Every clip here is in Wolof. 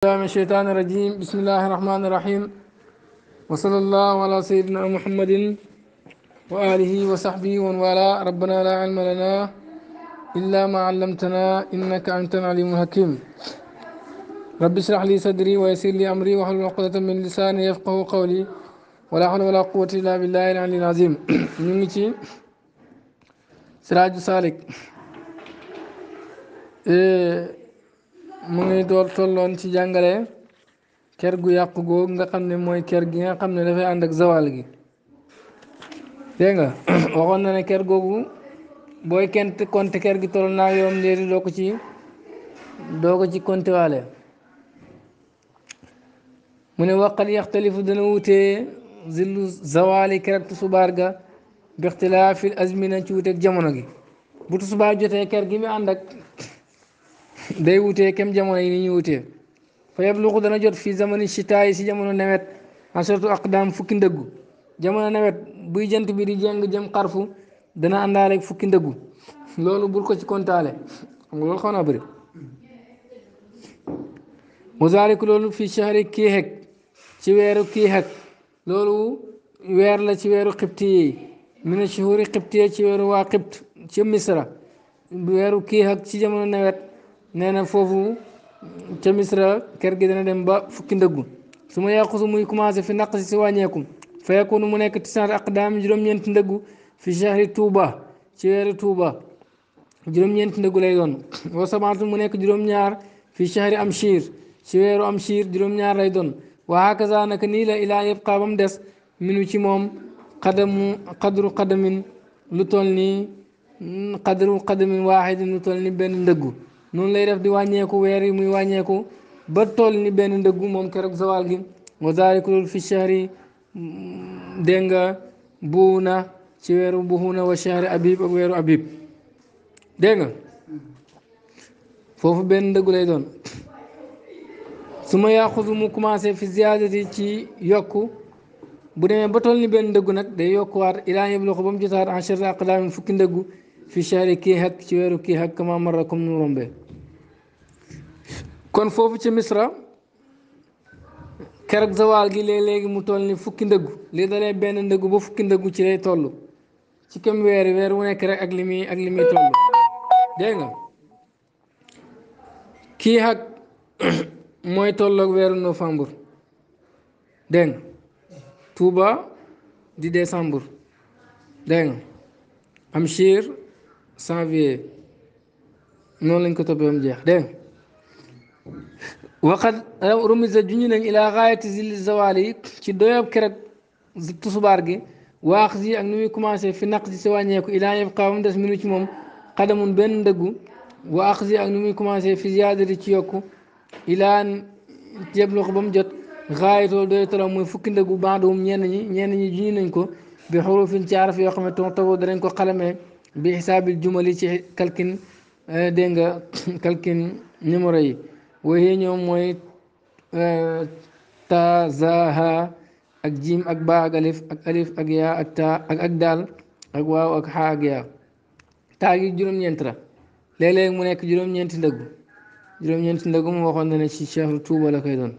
من الشيطان الرجيم بسم الله الرحمن الرحيم وصلى الله على سيدنا محمد وآله وصحبه ومن والاه ربنا لا علم لنا إلا ما علمتنا إنك أنت العليم الحكيم رب اشرح لي صدري ويسر لي أمري وحل عقدة من لساني يفقه قولي ولا حول ولا قوة إلا بالله العلي العظيم نيجي سراج سالك إيه mu ngi dool tolloon ci jàngale ker gu yàqu googu nga xam ne mooy ker gi nga xam ne dafay ànd ak zawal gi dégg nga waxoon na ne ker googu booy kenn konte ker gi toll naa yoom léegi doo ci doo ko ci konte waale mu ne waqat yaxtalifu dana wute zillu zawali kerak tusubaar ga bixtilaafil azmina ci wuteeg jamono gi bu tusubaar jotee ker gi mu ànd ak day wutee kem jamono yi ni ñu wutee fa yabluqu dana jot fii zamani chitaay si jamono nawet ak aqdaam fukki ndëggu jamono nawet buy jant bi di jàng jëm xarfu dana àndaale fukki ndëggu loolu bu ko ci kontaale xam nga loolu fi naa bëri kii xeg ci weeru kii xeg loolu weer la ci weeru xibti yi mina shuhuri xibti ci weeru waa xibt ci misra weeru kii xeg ci jamono nawet nee na foofu ca misra kër gi dana dem ba fukki ndëggu su ma yàqu su muy commencé fi naq si si wàññeeku fayakunu mu nekk tisaat aqdaam juróom-ñeenti ndëggu fi chahri Touba ci weeru Touba juróom-ñeenti ndëggu lay doon wa sabaatu mu nekk juróom-ñaar fi chahri Amchir ci weeru Amchir juróom-ñaar lay doon wa hakaza naka nii la ilaa yabqa ba mu des minu ci moom qadamu qadru qadamin lu toll nii qadru qadamin waaxidin lu toll ni benn ndëggu noonu lay def di wàññeeku weer yi muy wàññeeku ba toll ni benn ndëggu moom keroog zawal gi wa zaalikulul fi shahri dégg nga buuna ci weeru buuna wa shahri abib ak weeru abib dégg nga foofu benn ndëggu lay doon su ma yaaxusu mu commencé fi ziyaadati ci yokku bu demee ba toll ni benn ndëggu nag day yokkuwaat ilaa yëb loxo ba mu jotaat en aqdaamin fukki ndëggu fi chari kii xakk ci weeru kii xakk kama marra comme nu rombe kon foofu ci misra keroog zawaal gi léeg-léegi mu toll ni fukki ndëggu li dalee benn ndëggu ba fukki ndëggu ci lay toll ci kem weer weer wu nekk ak li muy ak nga kii xakk mooy tolloog weeru novembre dégg nga Touba di décembre dégg nga Amchir janvier noonu lañ ko toppee ba mu jeex dégg waxat rumisa juñu nañ ilaa xaayati zilli zawaal yi ci doyob keroog tusubaar gi waax yi ak nu muy commencé fi naq si si wàññeeku ilaa yëf xaw mu des minu ci moom xadamun benn ndëggu waax yi ak nu muy fi ziyaadati ci yokku ilaa jeblox ba mu jot xaayatoo doy toloo fukki ndëggu bandum ñenn ñi ñenn ñi juñu ko bi xurufin ci araf yoo xam ne tontawo danañ ko xalamee bi xisaabil jumali ci kalkin eh, denga kalkin numéro yi waaye ñoom mooy eh, taa zaaha ak jiim ak baa ak alif ak alif ak yaa ak taa ak daal ak waaw ak xaa ak yaa taa gi juróom-ñeent la mu nekk juróom-ñeenti ndëggu juróom-ñeenti ndëggu mu waxoon na ne ci cheikh Tuuba la koy doon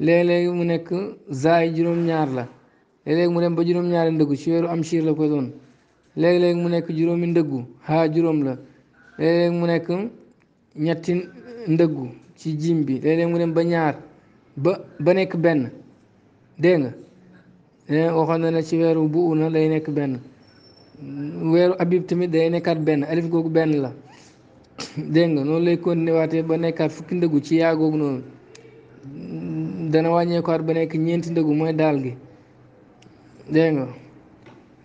léeg mu nekk zaay juróom-ñaar la léeg mu dem ba juróom ñaar ndëggu ci weeru am siir la koy doon léeg-léeg mu nekk juróomi ndëggu haa juróom la léeg-léeg mu nekk ñetti ndëggu ci jiim bi léeg-léeg mu dem ba ñaar ba ba nekk benn dégg nga léeg eh, waxoon na ne ci weeru bu una lay nekk benn weeru abib tamit day nekkaat benn alif googu benn la dégg nga noonu lay continuer waatee ba nekkaat fukki ndëggu ci yaa googu noonu dana wàññeekuwaat ba nekk ñeenti ndëggu mooy daal gi dégg nga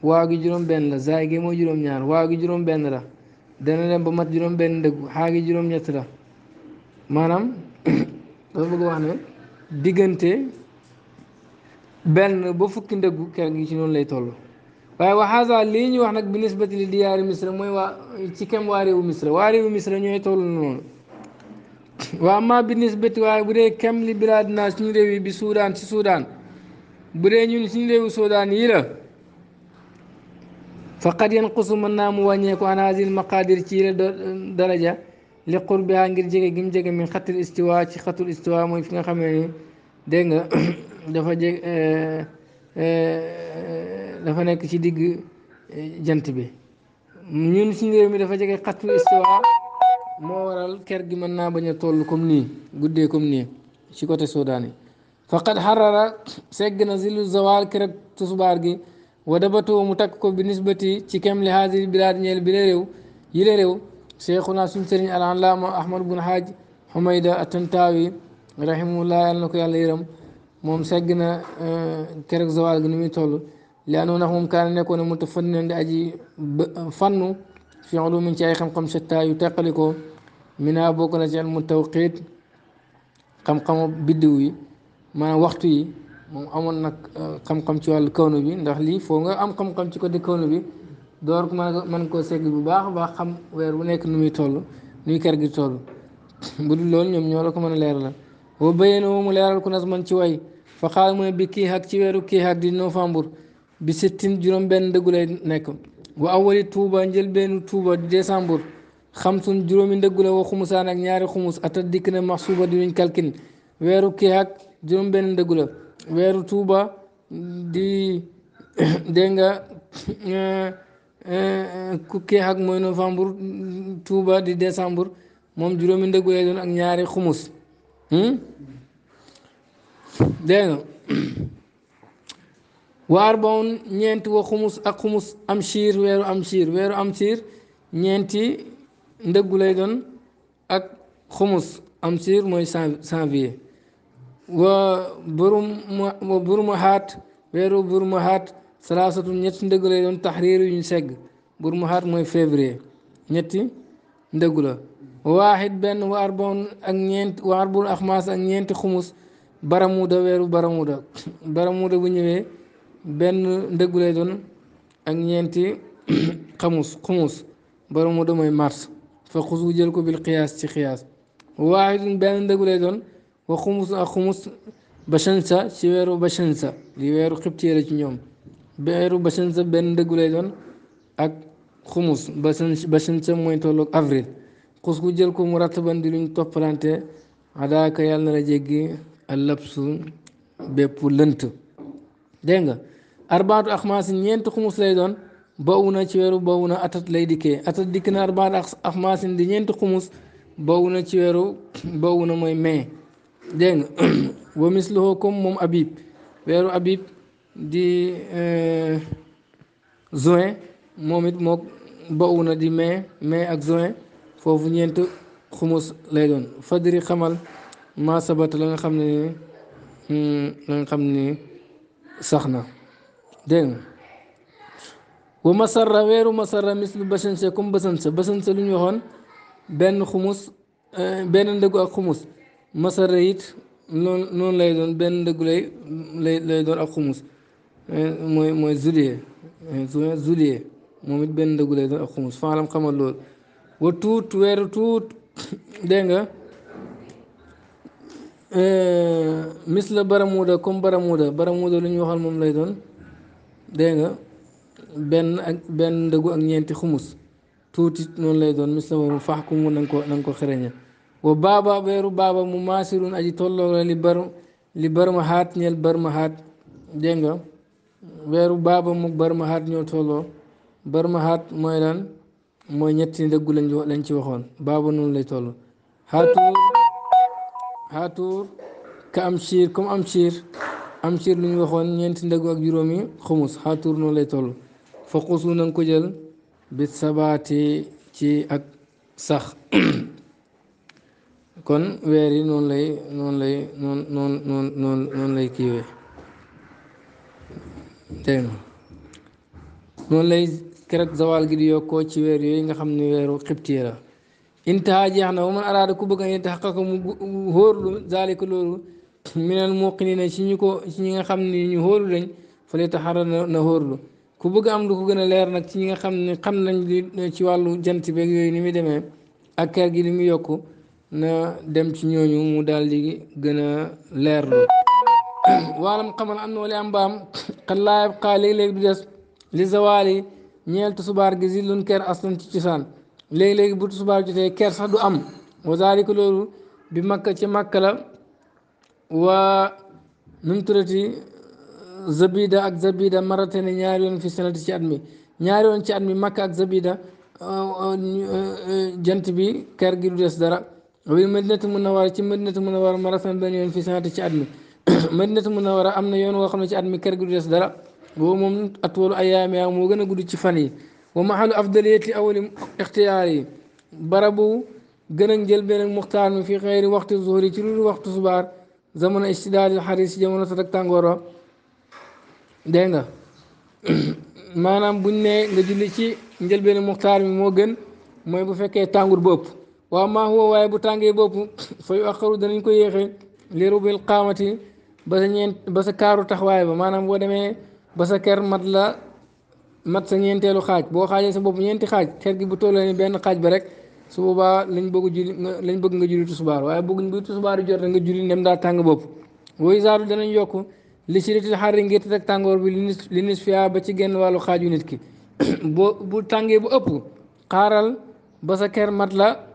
waa gi juróom-benn la zaay gi mooy juróom-ñaar waaw gi juróom-benn la dana dem ba mat juróom-benn dëggu xaa gi juróom-ñett la maanaam dafa bëgg wax ne diggante benn ba fukki ndëggu ker gi ci noonu lay toll waaye waxaasa lii ñu wax nag bi nisbati li diyaari misra mooy waa ci kem waa réewu misra waa réewu misra ñooy toll noonu waa ma bi nisbati waaye kem li bilaadina suñu réew yi bi suudaan ci suudaan bu dee ñun suñu réewu suudaan yi la faqad yanqusu mën naa mu wàññeeku an hasil maqadir ci daraja li qurbiha ngir jege gi mu jege min xatul istiwa ci xatul istiwa mooy nga xamee ni dégg nga dafa jeg eh, eh, eh, dafa nekk ci digg jant bi ñun suñu réew dafa jege xatul moo waral ker gi mën naa bañ a toll comme nii guddee comme nii ci côté Soudan yi faqad segg na zilu zawal keroog tusubaar gi wadabatu mu takk ko bi nisbati ci kem li haasiri bilaad ñeel bi la réew yi la réew cheikhuna suñ sëriñ al-allaama ahmad bun haaj humayda attantaawi rahimahullah yàlla na ko yàlla yërëm moom segg na eh, keroog zawaal gi ni muy toll li anoo moom kaana nekkoon mu tafannin di aji fannu fi ulumin ci ay xam-xam shatta yu teqalikoo mina bokk na ci ilmu tawqiit xam-xamu biddiw yi maanaam yi moom amoon nag euh, xam-xam ci wàllu kawnu bi ndax lii foo nga am xam-xam ci côté kawnu bi door man mën koo segg bu baax a baax xam weer wu nekk nu muy toll nuy ker gi toll bu dul ñoom ñoo la ko mën a leeralal boo béyee na mu leeral ku nas ci way fa bi kii xag ci weeru kii xag di bi sittin juróom-benn dëggu lay nekk wa awali tuuba benn tuuba di décembre xamsun juróomi ndëggu la wa xumusaan ak ñaari xumus atat dikk na maxsuuba di luñ kalkin weeru kii xag juróom-benn ndëggu weeru tuuba di dégg nga eh, eh, kukki ak mooy novembre tuuba di décembre moom juróomi ndëggu doon ak ñaari xumus hmm? dégg nga waar bawun ñeenti wa xumus ak xumus am siir weeru am siir weeru am siir ñeenti ndëggu doon ak xumus am siir mooy janvier wa burmuhaat weeru burmuhaat salaasatu ñetti ndëgg lay doon taxriir yu ñu segg burmuhaat mooy février ñetti ndëggu la waaxit benn wa arboon ak ñeent wa ñeenti xumus baramuda weeru baramuda baramuda bu ñëwee benn ndëggu lay doon ak ñeenti xamus xumus baramuda mooy mars fa xus jël ko bil xiyaas ci xiyaas waaxitun benn ndëggu doon wa xumus ak xumus bashansa ci weeru bashansa li weeru xibtiira ci ñoom weeru bashansa benn dëggu lay doon ak xumus bashansa mooy tolloog avril xus ku jël ko mu rattaban di toppalante adaaka yàlla na la jéggi alabsu bépp lënt dégg nga arbaatu axmaas ñeenti xumus lay doon bawu na ci weeru bawu na atat lay dikkee atat dikk na arbaatu axmaas di ñeenti xumus bawu na ci weeru bawu na mooy mai دين ومثله كمم أبيب ويرو أبيب دي آه، زوين موميت موك بقونا دي مي مي أك زوين فوفو نينتو خموس ليدون فدري خمال ما سبت لنا خمني لنا خمني سخنا دين ومسر ويرو مسر مثل بشنسة كم بشنسة بشنسة لن يخون بين خموس آه، بين لغو خموس masara it noonu lay doon benn ndëggu lay lay lay doon ak xumus eh, mooy mooy zulier eh, zulier moom it benn ndëggu lay doon ak xumus faalam xamal loolu wa tuut weeru tuut dégg nga eh, misla baramuda comme baramuda baramuda lu ñu waxal moom lay doon dégg nga benn ak benn ndëggu ak ñeenti xumus tuuti noonu lay doon mis moom faax ku ko na nga ko xereña wa baaba weeru baaba mu maasirun aji tolloo la li bar li barmahaat ñeel barmahaat dégg nga weeru baaba mu barmahaat ñoo tolloo barmahaat mooy lan mooy ñetti dëggu lañ lañ ci waxoon baaba noonu lay toll xaatuur ka am siir comme am siir lu ñu waxoon ñeenti ndëggu ak juróomi xumus xaatuur noonu lay toll fa xusu na nga ko jël bi ci ak sax kon weer yi noonu lay noonu lay noonu noonu noonu noonu lay kiiwee dégg noonu lay keroog zawal gi di yokkoo ci weer yooyu nga xam ne weeru xibti la intaha jeex na wa man araada ku bëgg a yéen taxaqa mu hóorlu zaalika loolu minal ko ñi nga xam ne ñu hóorlu lañ fële taxara na ku bëgg am lu ko gën a leer nag ci ñi nga xam ne xam nañ ci wàllu jant beeg yooyu ni muy demee ak kër gi li muy yokku na dem ci ñooñu mu daal di gën a leerlu waalam xamal am na wala am baam xat laa yabqaa léegi-léegi du des li zawaali ñeel tusubaar gi zillun ker aslan ci cosaan léegi-léegi bu tusubaar jotee ker sax du am wa zaalika loolu bi makka ci makka la waa nu mu tuddati uh, zabida ak zabida marate ne ñaari yoon fi sanati ci at mi ñaari yoon ci at mi makka ak zabida uh, uh, jant bi ker gi du des dara وي مدينة المنورة تي مدينة المنورة مرافا بين يون في سنة تشادمي مدينة المنورة أمنا يون وخمة تشادمي كرغو جس دارا ومم أطول أيام يا موغن غودي تي فاني ومحل أفضلية أول اختياري بربو غنن جيل بين المختار في غير وقت الظهر تي وقت الصبار زمن اشتداد الحريص جمن تك تانغورا دينغا مانام بو ني نجلي تي جيل بين المختار مو غن موي بو تانغور بوب waaw maa huwa waaye bu tàngee bopp fa yu axaru danañ ko yéexee li rubil qaamati ba sa ñeent ba sa kaaru taxawaay ba maanaam boo demee ba sa ker mat la mat sa ñeenteelu xaaj boo xaajee sa bopp ñeenti xaaj ker gi bu tollee ni benn xaaj ba rek su boobaa lañ bëgg julli lañ bëgg nga julli tusubaar waaye bëgguñ bu tusubaar jot nga julli ndem daa tàng bopp woyu zaaru danañ yokk li siritil xarri ngir teg tàngoor bi li nis fiyaa ba ci genn wàllu xaaju nit ki boo bu tàngee bu ëpp xaaral ba sa la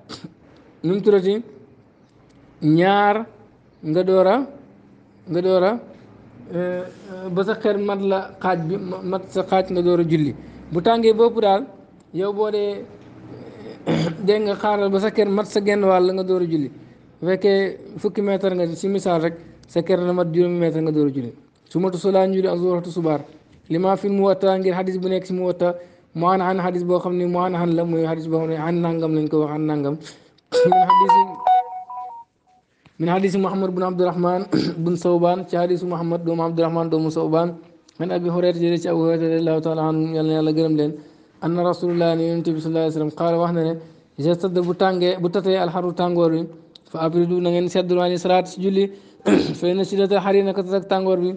nu mu turati ñaar nga door a nga doora a eh, eh, ba sa xel mat la xaaj bi mat sa xaaj nga door a julli bu tàngee boobu daal yow boo dee dégg nga xaaral ba sa kër mat sa genn wàll nga door a julli bu fekkee fukki mètre nga si misaal rek sa ker na mat juróomi mètre nga door a julli su matu solaan julli ak waxtu subaar li maa fi mu watta ngir xadis bu nekk si mu watta mu an an xadis boo xam ne mu an an la muy xadis boo xam ne an nangam lañ ko wax an nangam min xadisi min xadisi Muhammad bun Abdurahman bun Sawban ci xadisi Muhammad doomu Abdurahman doomu Sawban man abi Hurayra jëlee ci Abu Hurayra radiyallahu taala anhu yàlla na yàlla gërëm leen anna rasulullah ni yonent bi sallallahu alayhi wa sallam qaala wax na ne gestad bu tàngee bu tatee alxaru tàngoor bi fa abridu na ngeen seddlu ani salaat si julli fay na si datal xari naka tatak tàngoor bi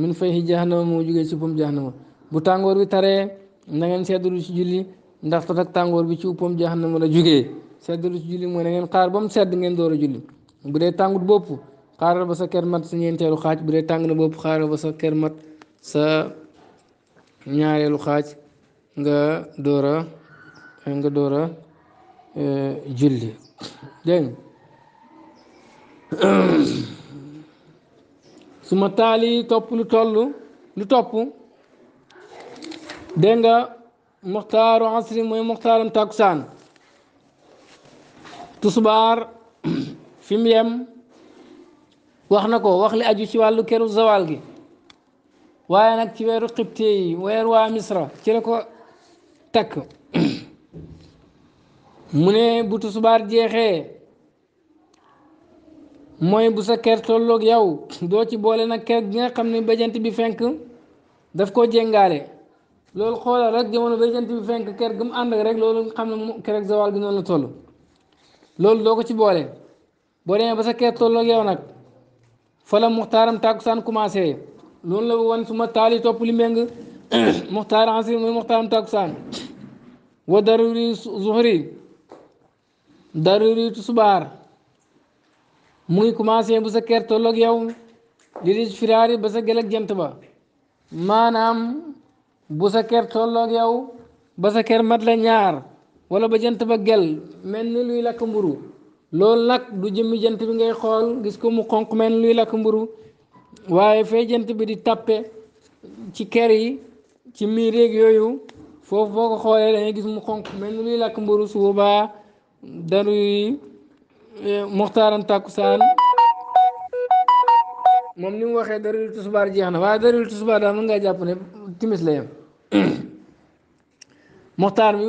min fay xi jahannama moo jugee ci pom jahannama bu tàngoor bi taree na ngeen dulu ci julli ndax te nag tàngoor bi ci uppam jahannama la jugee seddalu ci julli mooy na ngeen xaar ba mu sedd ngeen door a julli bu dee tàngut bopp xaaral ba sa ker mat sa ñeenteelu xaaj bu dee tàng na bopp xaaral ba sa ker mat sa ñaareelu xaaj nga door a nga door a e, julli dégg suma taali topp lu toll lu topp dégg nga muxtaaru asri mooy muxtaaram takkusaan tusubaar fi yem wax na ko wax li aju ci wàllu këru zawal gi waaye nag ci weeru xibte yi weer waa misra ci la ko takk mu ne bu tusubaar jeexee mooy bu sa ker tolloog yow doo ci boole nag ker gi nga xam ne bëjant bi fenk daf koo jéngaale loolu xoolal rek jamono bay jant bi fenk ker gëm ànd ak rek loolu xam na kerek zawal gi noonu la toll loolu doo ko ci boole boo ba sa ker tolloog yow nag fa la muxtaaram tàkkusaan commencé loolu la wan suma taali topp li méng muxtaar asir muy muxtaaram tàkkusaan wa daruri zuhri daruri tusubaar mu ngi commencé bu sa ker tolloog yow di di firaari ba sa gelek jant ba maanaam bu sa ker tolloog yow ba sa ker mat la ñaar wala ba jant ba gel mel ni luy lakk mburu loolu nag du jëmmi jant bi ngay xool gis ko mu xonq mel ni luy lakk mburu waaye fee jant bi di tàppe ci ker yi ci miir yeeg yooyu foofu boo ko xoolee dangay gis mu xonq mel ni luy lakk mburu su boobaa danuy eh, muxtaaran tàkkusaan moom ni mu waxee darul tusbaar jeex na waaye darul tusbaar daal mën ngaa jàpp ne timis la moxtaar bi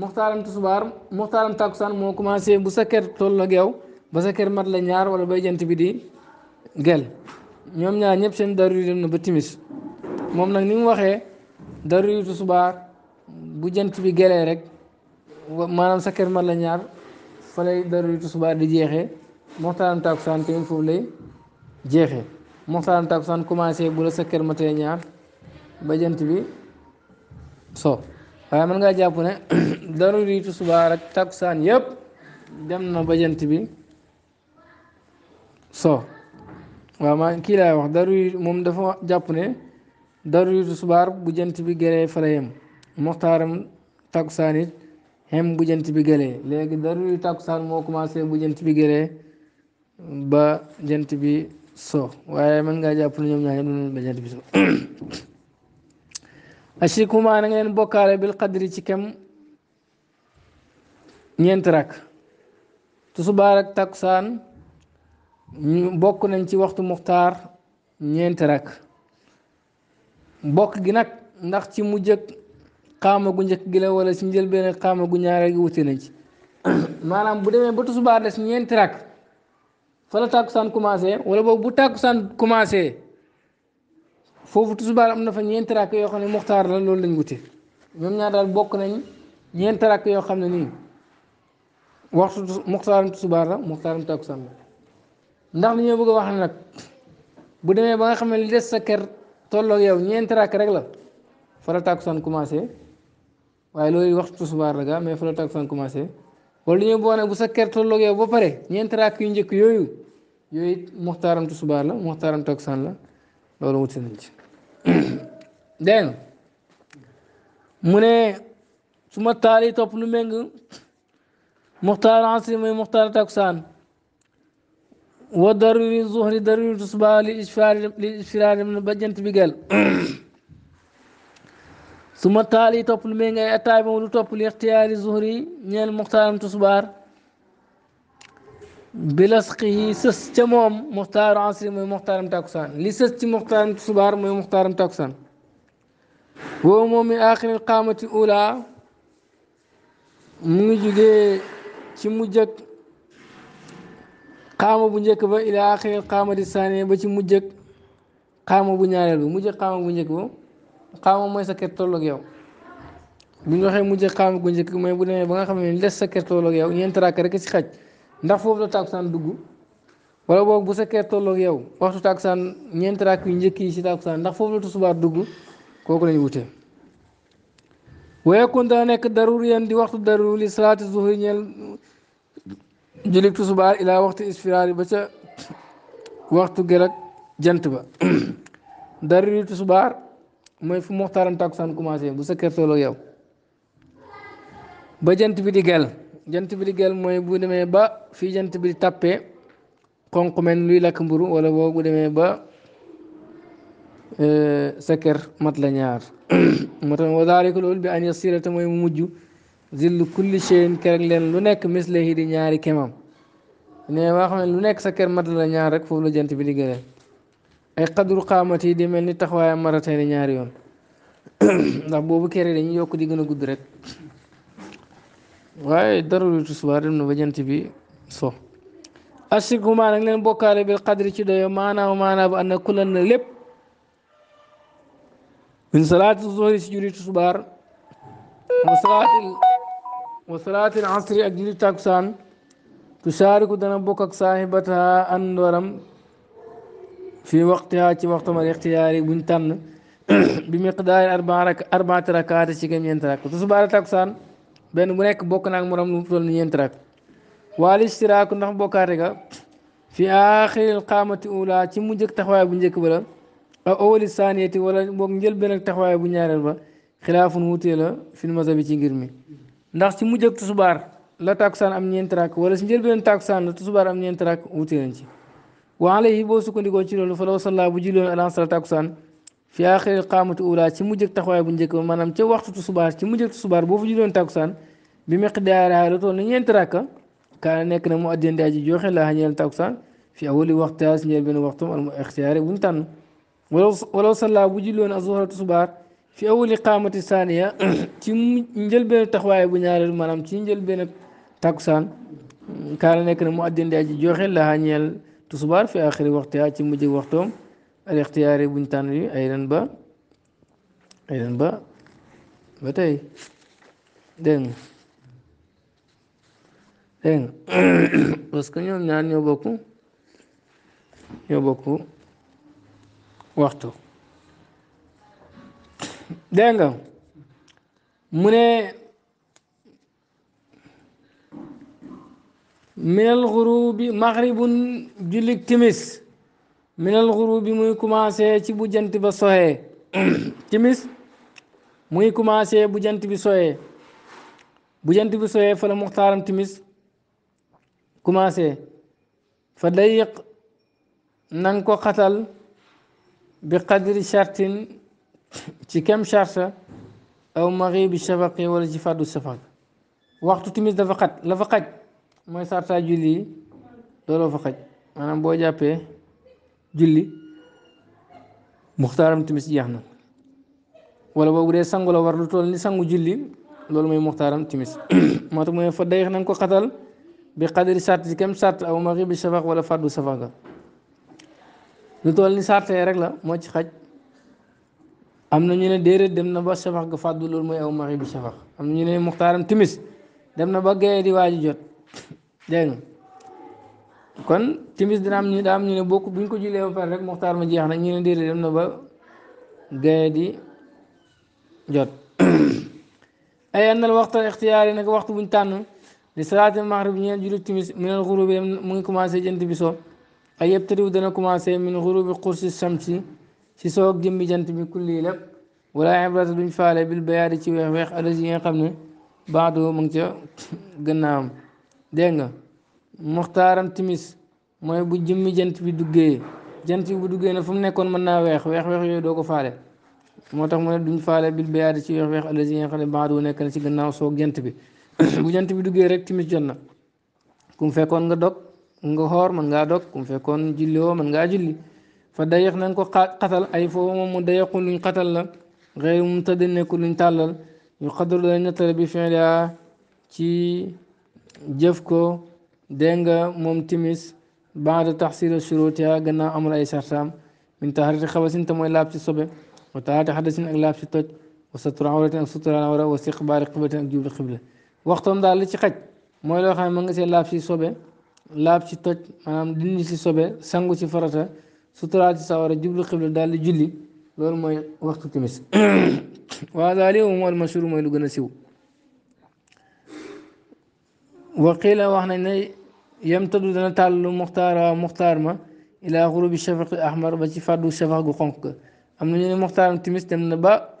moxtaaram tusubaar moxtaaram tàkkusaan moo commencé bu sa kër toll ak yow ba sa kër mat la ñaar wala bay jant bi di gel ñoom ñaar ñëpp seen daru yu dem na ba timis moom nag ni mu waxee daru yu tusubaar bu jant bi gelee rek maanaam sa kër mat la ñaar fa lay daru yu tusubaar di jeexee moxtaaram tàkkusaan tamit foofu lay jeexee moxtaaram tàkkusaan commencé bu la sa kër matee ñaar ba jant bi so waaye mën ngaa jàpp ne daruri tisbaar ak takkusaan yëpp dem na ba jant bi so waaw maa kii laay wax daruri moom dafa jàpp ne daruri tisbaar bu jant bi gëree fa la yem muxtaaram takkusaan it bu jant bi gëree léegi daruri takkusaan moo commencé bu jant bi gëree ba jant bi so waaye mën ngaa jàpp ne ñoom ñaar ñëpp ba jant bi so ashrikuma na nga leen bokkaale bil qadri ci kem ñeenti rak tusubaar ak takusaan ñu bokk nañ ci waxtu muxtaar ñeenti rak bokk gi nag ndax ci mu jëkk xaama gu njëkk gi la wala ci njëlbeen xaama gu ñaare gi wuti nañ ci maanaam bu demee ba tusubaar des ñeenti rak fa la takusaan commencé wala boobu bu takusaan commencé foofu tisbaar am na fa ñeent rakk yoo xam ne muxtaar la loolu lañ wute ñoom ñaa daal bokk nañ ñeent rakk yoo xam ne nii waxtu muxtaaram tisbaar la muxtaaram takkusaan la ndax li bëgg a wax nag bu demee ba nga xam sa kër tolloog yow ñeenti rakk rek la fa la takkusaan commencé waaye loolu waxtu tisbaar la gaa mais fa la takkusaan commencé wala li ñoo boo ne sa kër ba pare ñeenti yu njëkk yooyu yooyu muxtaaram tisbaar la muxtaaram takkusaan la loolu wute nañ ci dégg mu ne su ma taali topp lu méng muxtaar ansri mooy muxtaar takusaan wa daruri zuhri daruri tusba li isfiraar dem ba jant bi gel su ma taali topp lu méng ay ataay moom lu topp li ixtiyaari zuhri ñeel muxtaaram tusbaar bilasqihi sës ca moom muxtaaru asri mooy muxtaaram takusaan li sës ci muxtaaram subaar mooy muxtaaram takusaan woowu moom mi aaxiril qaamati ula mu ngi jugee ci mujj ak qaama bu njëkk ba ila aaxiril qaamati saaniya ba ci mujj ak qaama bu ñaareel ba mujj ak qaama bu njëkk ba qaama mooy sa kër tolloog yow bu ñu waxee mujj ak qaama bu njëkk mooy bu demee ba nga xam ne des sa kër tolloog yow ñeent rakk rek ci xaj. ndax foofu la tàkkusaan dugg wala boog bu sekkee tolloog yow waxtu tàkkusaan ñeenti rakk yu njëkk yi si tàkkusaan ndax foofu la tusubaar dugg kooku lañ wutee waaye kon dana nekk darur yéen di waxtu darur li salaati zuhri ñeel jullit tusubaar ilaa waxtu yi ba ca waxtu gerag jant ba darur yi tusubaar mooy fu muxtaaram tàkkusaan commencé bu sekkee tolloog yow ba jant bi di gel jant bi di gel mooy bu demee ba fii jant bi di tàppee xonq luy lakk mburu wala boo bu demee ba euh, saker mat la ñaar moo tax wa loolu bi an yasirata mooy mu mujj zillu kulli cheyin kerek leen lu nekk mislihi di ñaari kemam ne waa xam lu nekk saker mat la ñaar rek foofu la jant bi di gëlee ay qadru xaamat yi di mel ni taxawaayam maratee ni ñaari yoon ndax boobu kere dañuy yokk di gën a gudd rek waaye dara lu tisbaar dem na ba jant bi so asik huma nag leen bokkaale bil qadri ci doyo maanaa maanaa bu ànd kulan na lépp min salaati zuhri si julli tisbaar wa salaati wa salaati al asri ak julli takusaan tusaariku dana bokk ak saahibataha andoram fii waqtiha ci waxtam al ixtiyaari buñ tànn bi miqdaari arbaati rakaati ci gëm ñeenti rakk tisbaar takusaan ben mu nek bok nak ak morom lu tol ni ñeenti rak wal istiraq ndax bokkaate ga fi al qamati ula ci mu jek taxway bu njëkk ba aw awli saniyati wala bok ñel ben taxway bu ñaareel ba khilafun wutee la fil mazhabi ci ngir mi ndax ci mu jek tusbar la taksan am ñent rak wala si njëlbeen tàkkusaan la tusbar am ñent rak wutee nañ ci waale yi boo sukkandikoo ci lolu fa law bu jilon ala salatu taksan في آخر القامة الأولى تموجك تخوي بنجك وما نمت وقت تصبار تموجك تصبار بوفي جدون تاكسان بمقدار هذا لن ينتراك كان نك نمو أدين داجي جوخي لا هنيل تاكسان في أول وقت تاس نجل بين وقتهم الاختياري بنتان ولو صلى بجلون الظهر تصبار في أول قامة الثانية تنجل بين التخوي بنجال وما نمت تنجل بين تاكسان كان نك نمو أدين داجي جوخي لا هنيل تصبار في آخر وقتها تموجك وقتهم al ixtiyaari buñ tànn wi ay ren ba ay ba ba tey dégg nga parce que ñoom ñaar ñoo bokk ñoo bokk waxtu dégg mu ne min al xurubi maxribun jullik minal xurub bi muy commencé ci bu jant ba soxee timis muy commencé bu jant bi soxee bu jant bi soxee fa la muxtaaram timis commencé fa day dayiq nan ko xatal bi qadri chartin ci kem charta aw maghribi shafaqi wala ci fàddu shafaq waxtu timis dafa xat la fa xaj mooy sarta julli looloo fa xaj maanaam boo jàppee julli muxtaaram timis jeex na wala boog bu dee sangu la war lu toll ni sangu julli loolu mooy muxtaaram timis moo tax mu ne fa day nañ ko xatal bi xadari sart ci kem sart aw magribi safaq wala faddu safaq ga lu toll ni sart rek la moo ci xaj am na ñu ne déedéet dem na ba safaq ga faddu loolu mooy aw magribi safaq am na ñu ne muxtaaram timis dem na ba gaye di waaju jot dégg nga kon timis dina am ñu daam ñu ne bokk buñ ko jullee ba pare rek moxtaar ma jeex na ñu ne déedéet dem na ba gaye di jot ay annal waxtal ixtiyaar yi nag waxtu buñ tànn di li salaati maxrib ñeen julli timis minal xurub bi mu ngi commencé jant bi so ay yëpp tëriw dana commencé min xurub bi xursi samsi si soog jëmbi jant bi kulli lépp wala ibrata duñ faale bil bayaadi ci weex weex alasi yi nga xam ne baax doo mu ngi ca gënnaawam dégg nga muxtaaram timis mooy bu jëmmi jant bi duggee jant bi bu duggee na fu mu nekkoon mën naa weex weex weex yooyu doo ko faale moo tax mu ne duñ faale bil bayaadi ci weex weex allazi nga xam ne baadu nekk na ci gannaaw soog jant bi bu jant bi duggee rek timis jot na kum fekkoon nga dog nga xoor mën ngaa dog kum fekkoon julli woo mën ngaa julli fa dayax na ko xatal ay foofu moom mu dayaxu luñ xatal la xëy mu tëdd nekku luñ tàllal ñu xadaru lañ nattale bi fin ci jëf ko dégg nga moom timis baada taxsira shurutiha gannaaw amul ay sartaam min taharati xabasin te mooy laab ci sobe wa taharati xadasin ak laab ci toj wa satura awratin ak sutura awra wa siqbaari xiblatin ak juubi xibla waxtoom daal li ci xaj mooy loo xam ne mën nga see laab ci sobe laab ci toj maanaam dindi ci sobe sangu ci farata suturaal ci sawara jublu xibla daal di julli loolu mooy waxtu timis waa daal yow moom almashhur mooy lu gën a siw wa qiila wax nañ ne yam tëddu dana tàllu muxtaara muxtaar ma ilaa xurubi shafaqi ahmar ba ci fàddu shafaq gu xonq am na ñu ne muxtaaram timis dem na ba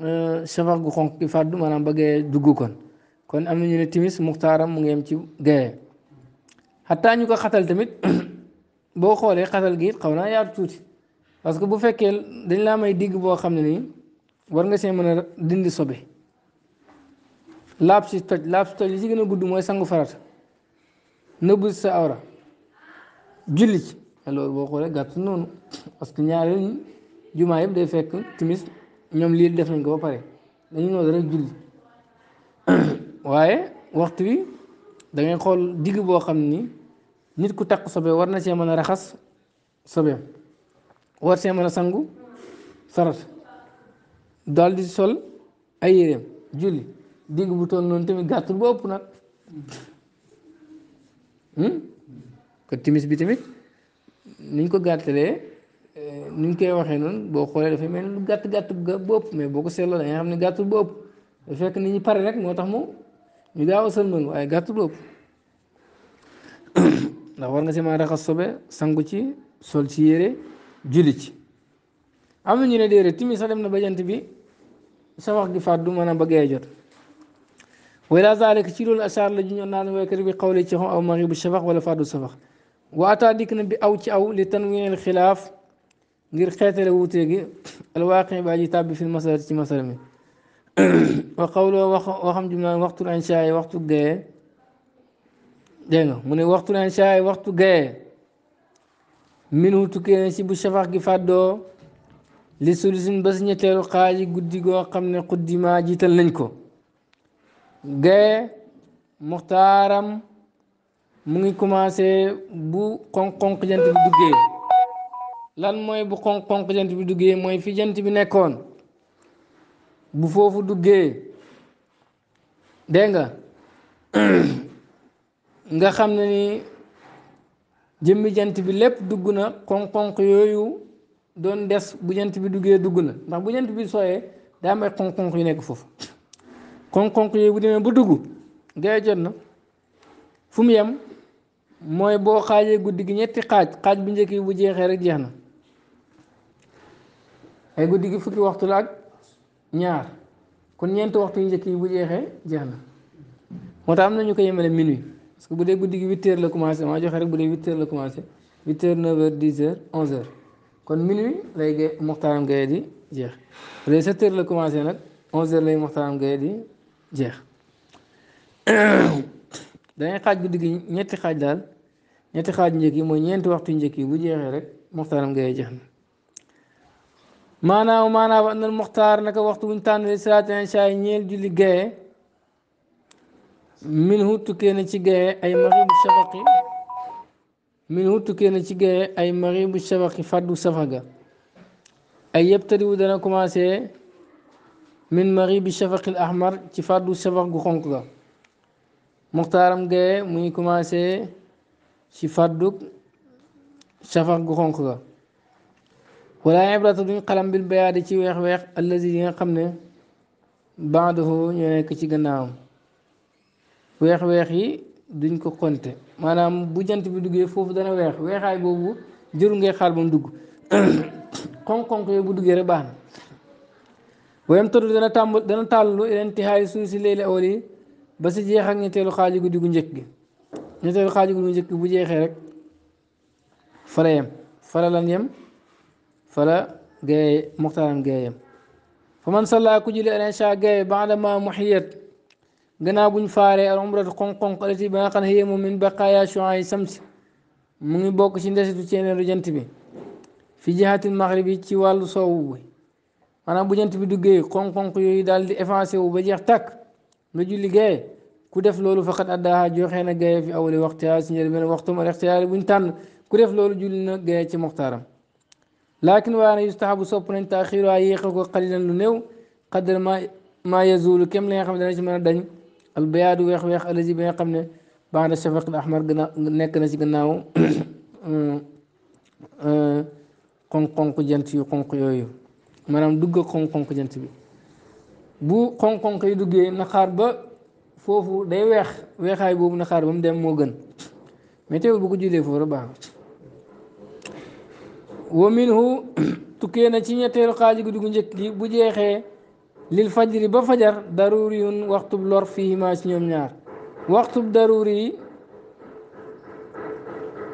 euh, shafaq gu xonq gi fàddu maanaam ba gaye dugg kon kon am na ñu ne timis muxtaaram mu ngi yem ci gaye xataa ñu ko xatal tamit boo xoolee xatal gi xaw naa yaatu tuuti parce que bu fekkee dañ laa may digg boo xam ne nii war nga see mën a dindi sobe laab si toj laab si toj li si gën a gudd mooy sangu farata nëbb sa awra julli ci loolu boo xoolee gàtt noonu parce que ñaari jumaa yëpp day fekk timis ñoom lii def nañ ko ba pare dañu noonu rek julli waaye waxtu wi dangay xool digg boo xam ni nit ku takk sobe war na see mën a raxas sobeem war see mën a sangu sarat daal di sol ay yéreem julli digg bu toll noonu tamit gàttul bopp nag Hmm? kon timis bi tamit niñ ko gàttalee eh, niñ koy waxee noonu boo xoolee dafay mel ni lu gàtt gàtt bu ëpp mais boo ko seetloo da nga xam ne gàttul bu ëpp bu fekk ni ñu pare rek moo tax ñu gaaw a sëlmal waaye gàttul bu ëpp ndax war nga si ma raxas sobe sangu ci sol ci yére julli ci am na ñu ne déedéet timis sax dem na ba bi sa wax gi fàddu maanaam ba gee jot. ولا ذلك تي لول لجن نان ويكر كربي قولي أو مغيب الشفق ولا فاد الشفق وأتى ديكنا او تي أو لتنوين الخلاف غير خيتل ووتيغي الواقع باجي تابي في المسألة تي مسألة مي وقوله وخم جملة وقت الإنشاء وقت الجاي دينا من وقت الإنشاء وقت الجاي منو توكي سي بو شفاق كي فادو لي sulisin bas نيتلو xaaji غودي غو خامني قديما جيتال نانكو gaye muxtaaram mu ngi commencé bu xonq-xonq jant bi duggee lan mooy bu xonq-xonq jant bi duggee mooy fi jant bi nekkoon bu foofu duggee dégg nga nga xam ne ni jëmmi jant bi lépp dugg na xonq-xonq yooyu doon des bu jant bi duggee dugg na ndax bu jant bi sooyee daa may xonq-xonq yu nekk foofu konk-konk yooyu bu demee ba dugg gay jot na fu mu yem mooy boo xaajee guddi gi ñetti xaaj xaaj bu njëkk yi bu jeexee rek jeex na ay guddi gi fukki waxtu la ak ñaar kon ñeenti waxtu yu njëkk yi bu jeexee jeex na moo tax am na ñu ko yemale minuit parce que bu dee guddi gi huit heures la commencé maa joxe rek bu dee huit heures la commencé huit heures neuf heures dix heures onze heures kon minuit lay gay moxtaaram gaye di jeex bu dee sept heures la commencé nag onze heures lay moxtaaram gaye di jeex dangay xaaj guddi gi ñetti xaaj daal ñetti xaaj njëkk yi mooy ñeenti waxtu njëkk bu jeexee rek muxtaaram ngay jeex na maanaam maanaam wa annal muxtaar naka waxtu wuñ tànn li salaati insha ñeel julli gaye min hu tukkee ci gaye ay maribu shafaqi min hu tukkee na ci gaye ay maribu shafaqi faddu safaga ay yëpp tëddiwu dana commencé من مغيب الشفق الأحمر تفادو الشفق غونك لا مختارم جاي مي كوماسي شفادوك الشفق غونك لا ولا عبرة من قلم بالبياد تي ويخ ويخ الذي ينقمنا بعده ينك تي غناهم ويخ ويخي duñ ko konté manam bu jant bi duggé fofu dana wéx wéxay bobu jëru ngay xaar bu dugg kon kon ko bu duggé re baana wayam tëdd dana tàmbal dana tàllu ileen tixaayi suy si ba si jeex ak ñetteelu xaaju guddi gu njëkk gi ñetteelu xaaju bu jeexee rek fala yem fala yam yem fala gaye muxtaaram gaye yem fa man salla ku julli al isha gaye baada ma muxiyat gannaaw buñ faaree al umrat xonq-xonq alati ba nga xam ne yéemu min baqaaya shuaay samsi mu ngi bokk ci ndesitu ceeneelu jant bi fi jihatil maxrib ci wàllu soowu bi maanaam bu jant bi duggee xonq-xonq yooyu daal di effacé wu ba jeex tàkk nga julli gaye ku def loolu faqat addaaha joxe na gaye fi awali waxtiyaar si njël benn waxtum al ixtiyaari buñ tànn ku def loolu julli na gaye ci muxtaaram laakin waaye na yustahabu sopp nañ taaxiiruwaa yéeqal ko xalilan lu néew qadar ma maa yazulu kem li nga xam ne dana ci mën a dañ al bayaadu weex-weex alaji bi nga xam ne baada shafaqil ahmar gannaaw nekk na ci gannaaw xonq-xonq jant yu xonq yooyu maanaam dugg xonk-xonk jant bi bu xonk-xonk yi duggee naxaar ba foofu day weex weexaay boobu naxaar ba mu dem moo gën mais teewul bu ko jullee foofu rek baax wa minhu tukkee na ci ñetteelu xaaj gu dugg njëkk gi bu jeexee lil fajri ba fajar daruriyun waxtub lor fii ci ñoom ñaar waxtub daruri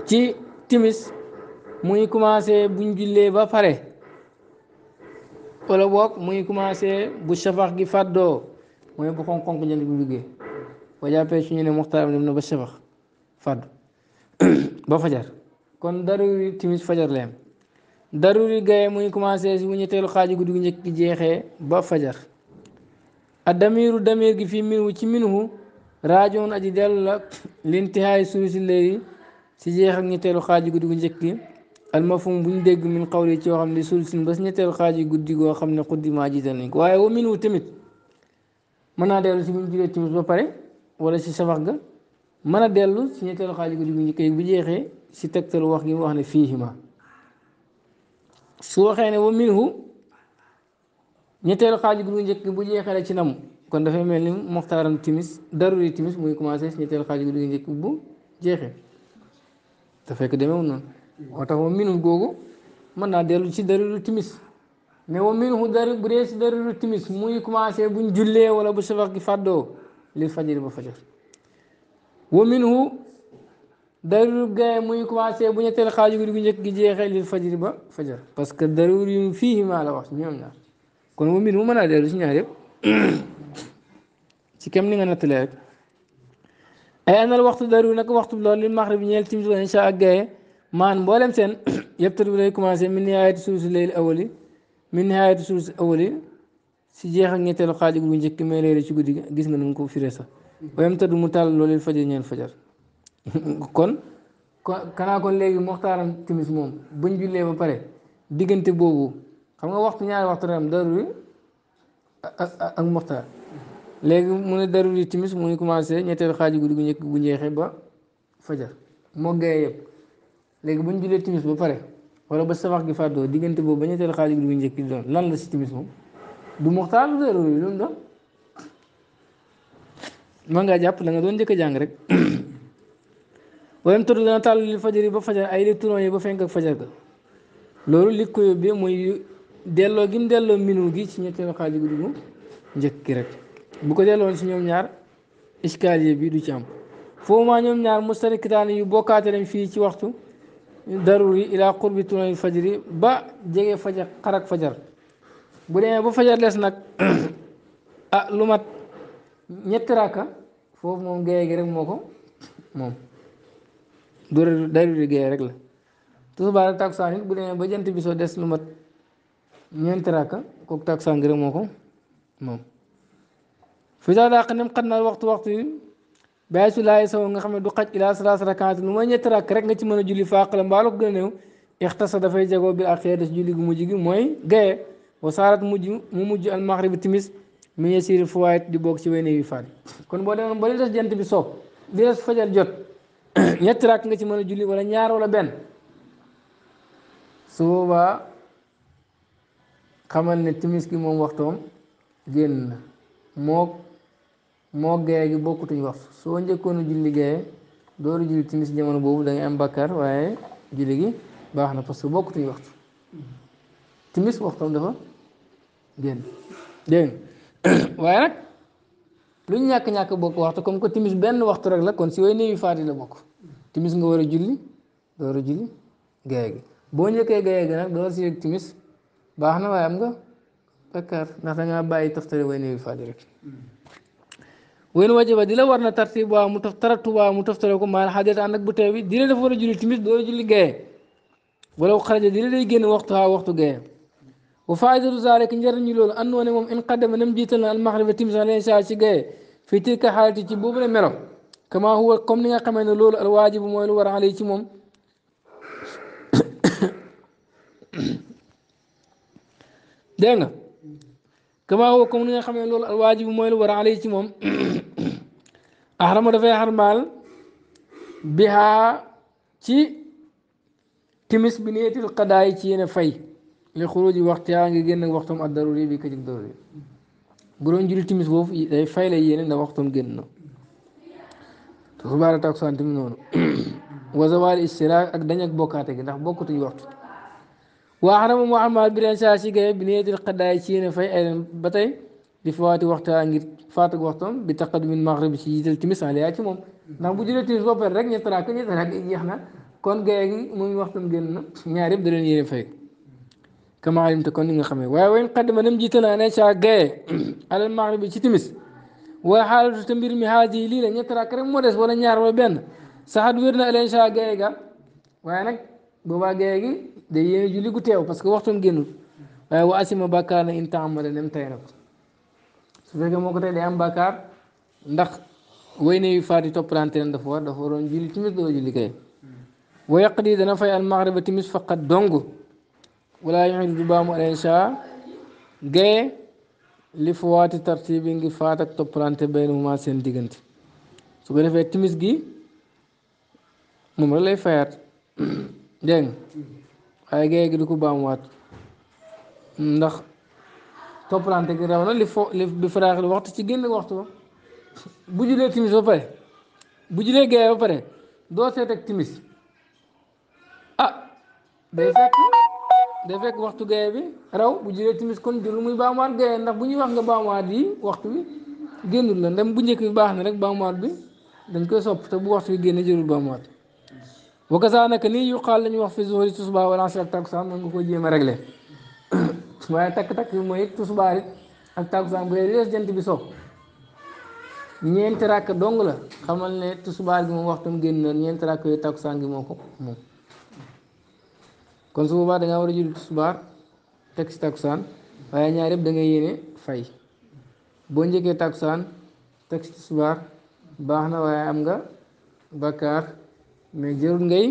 ci timis muy commencé buñ jullee ba pare wala boog muy commencé bu safax gi fàddoo mooy bu xonk-xonk jënd bi duggee boo jàppee su ñu ne muxtaar dem na ba safax fàddu ba fajar kon daruri timis fajar la am daruri gaye muy commencé si bu ñetteelu xaaju guddi gu njëkk gi jeexee ba fajar a damiru damir gi fii minhu ci minhu raajoon aji dellu la lintihaay sulusi léegi si jeex ak ñetteelu xaaju guddi gu njëkk gi almafum bu ñu dégg min xawli ci waxam ne suul sin bas ñetteel xaaji guddi goo xam ne xuddi maa jiital nañ ko waaye wa min wu tamit mën naa dellu si bu ñu julee timis ba pare wala si safax ga mën a dellu si ñetteelu xaaji guddi gu njëkk bu jeexee si tegtalu wax ngi wax ne fii fiihima su waxee ne wa minhu ñetteelu xaaji guddi njëkk bu jeexee ci namu kon dafay mel ni moxtaaram timis daruri timis muy commencé si ñetteelu xaaji guddi gu njëkk bu jeexee te fekk demeewul noonu moo tax moom minum googu mën naa dellu ci dalilu timis mais moom minhu dari bu dee si dalilu timis muy commencé buñ jullee wala bu safax gi fàddoo li fajiri ba fajar wa minhu dalilu gaye muy commencé bu ñetteel xaaju njëkk gi jeexee li ba fajar parce que darur yu fii maa la wax ñoom ñaar kon wa minhu mën naa dellu si ñaar yëpp ci kem ni nga nattalee rek ay anal waxtu daru nag waxtu loolu li maxrib ñeel timis wa insha ak gaye maan mboolem seen yëptat bu day commencé min nihaayati sulusi leyli awali min nihaayati sulusi awali si jeex ak ñetteelu xaaj bu njëkk mais ci guddi gis nga nu mu ko firee sax wayam tëdd mu tàll loolu fajar ñeen fajar kon kanaa kon léegi moxtaaram timis moom buñ jullee ba pare diggante boobu xam nga waxtu ñaari waxtu ram daruri ak léegi mu ne daruri timis mu ngi commencé ñetteelu xaaj guddi gu njëkk bu njeexee ba fajar moo gaye yëpp léegi bu ñu jullee timis ba pare wala ba safax gi fàddoo diggante boobu ba ñetteel xaaju bi bu njëkk bi doon lan la si timis moom du moxtaar lu dara ngaa jàpp la nga doon njëkk a rek wala tur dana tàll li ba fajar ay li ba fenk ak loolu li ko yóbbee mooy delloo gi mu delloo minu gi ci ñetteelu xaaju gi dugg njëkk rek bu ko delloon si ñoom ñaar iskaliye bii du ci am foo maa ñoom ñaar mustarikitaan yu bokkaate lañ fii ci waxtu daruri ila qurbi tulal fajri ba jege fajar karak fajar bu demee ba fajar des nag ah lu mat ñetti raaka foofu moom gaye gi rek moo ko moom du daruri gaye rek la tusubaar ak taksaan bu demee ba jant bi soo des lu mat ñeenti raaka kooku taksaan gi rek moo moom fi saa daa xanim xat waxtu waxtu baasu su laay so nga xam ne du xaj ilaa salaas rakaat lu mooy ñetti rakk rek nga ci mën a julli faaqala mbaalu ko gën a néew ixtasa dafay jagoo bi axeer si julli gu mujj gi mooy gaye wa saarat mujj mu mujj al maghrib timis mi yasiri fuwaayit di bokk ci wéy yu faal kon boo demoon ba li des jant bi soog di des fajal jot ñett rak nga ci mën a julli wala ñaar wala benn su boobaa xamal ne timis gi moom waxtoom génn na moo gaye gi bokkutuñ wax soo njëkkoon julli gaye dooru julli timis jamono boobu da am bakkaar waaye julli gi baax na parce que bokkutuñ waxtu timis waxtam dafa génn dégg waaye nag lu ñu ñàkk-ñàkk bokk waxtu comme que timis benn waxtu rek la kon si way néewi faati la bokk timis nga war a julli dooru julli gaye gi boo njëkkee gaye gi nag door si yëg timis baax na waaye am nga bakkaar ndax da ngaa bàyyi toftale way néewi faati rek وين واجب دي لو ورنا ترتيب وا متفترت وا متفترت وكم مال حاجات عندك بتاوي دي لو فور جولي تيميت دو جولي جاي ولو خرج دي لو يجين وقتها وقت جاي وفائدة ذلك نجرني لول أنو أنا مم إن قدم نم جيتنا المغرب تيمز على إنسان شجع في تلك حالة تجيبوا من كما هو كم نيا كمان لول الواجب مول ورا عليه تيمم دينا kamaaw comme ni nga xamee loolu alwaajib mooy lu war a alay ci moom axrama dafay xarmaal bihaa ci timis bi neetil xadaay ci yéen fay li xuruji waxtu yaa ngi génn waxtoom ak daruri bi këjëg daruri bu doon julli timis boobu day fay la yéene na waxtoom génn na te subaara takkusaan tamit noonu wa zawaal ak dañ ak bokkaate gi ndax bokkatuñu waxtu وأحرم محمد بن ساسي جاي بنية القدايشين في ألم بتاي لفوات وقتها غير فات وقتهم بتقدم المغرب شيء تلتمس عليها كمهم نعم بجيل تلتمس وفر رك نتراك نتراك إحنا كون جاي إيه، مم وقتهم جننا نعرف دلنا يرين كما إن خمي وين قد ما نم جيتنا أنا جاي على المغرب شيء تمس وحال تنبير لي لن يتراك رم ولا نعرف بين ويرنا لين جاي وينك بوا جاي day yéene julli gu teew parce que waxtum génnul waaye wa asima bàkkaar na ko am bàkkaar ndax way ne yu faati toppalante leen dafa war dafa waroon julli timis doo julli kay wa li fawaati tartibi ngi faat toppalante baynahuma seen diggante su ko defee timis gi moom rek lay fayaat dégg nga waaye gaye gi du ko baamuwaat ndax toppalante gi raw na li fo li bi waxtu ci génn waxtu ba bu julee timis ba pare bu julee gaye ba pare doo seet ak timis ah day fekk day fekk waxtu gaye bi raw bu julee timis kon jël muy baamuwaat gaye ndax bu ñuy wax nga baamuwaat yi waxtu bi génnul la ndem bu njëkk bi baax na rek baamuwaat bi dañ koy sopp te bu waxtu wi génne jëlul baamuwaat wakasaa nag nii xaal la ñuy wax fi zuhri tusubaa wala asr ak takusaan mën nga koo jéem a réglé waaye takk-takk bi mooy tusubaa it ak takusaan bu dee lees jant bi so ñeenti rakk dong la xamal ne tusubaa gi moom waxtam génn na ñeenti rakk yooyu takusaan gi moo ko moom kon su boobaa da ngaa war a julli tusubaa teg si waaye ñaar yëpp da yéene fay boo njëkkee takusaan teg si baax na waaye am nga bakkaar mais jërul ngay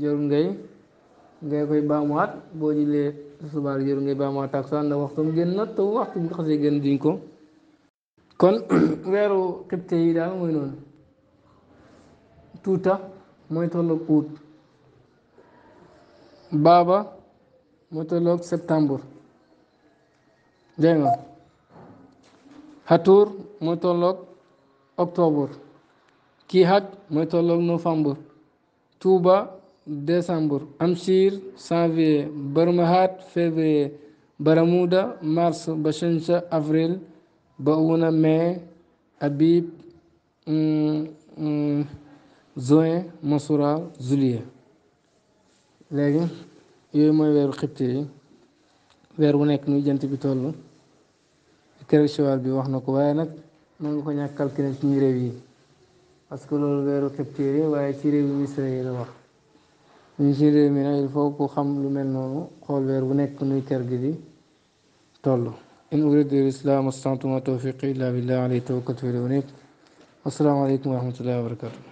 jërul ngay ngay koy baamuwaat boo jullee subaar jërul ngay baamuwaat takkusaan ndax waxtu mu génn na te waxtu bu xasee génn ko kon weeru xibte yi daal mooy noonu tuuta mooy tolloog août baaba mooy tolloog septembre dégg nga xatuur mooy tolloog octobre kii xaj mooy tolloog novembre Touba décembre Amchir janvier Barmahat février Baramuda mars Bachencha avril Baouna mai Habib mm, mm, juin Masura juillet léegi yooyu mooy weeru xibti yi weer wu nekk nuy jant bi toll keroog siwaal bi wax na ko waaye nag mën nga ko ñàkk calculer suñu réew yi parce que loolu weeru xibtéere waaye ci réew mi misra yi la wax ñu ci réew mi nag il faut ku xam lu mel noonu xool weer bu nekk nuy kër gi di toll in uridu lislaam astantuma tawfiqi illa billah alayhi tawakkaltu wa ilayhi unib asalaamaaleykum wa rahmatullahi wa barakatu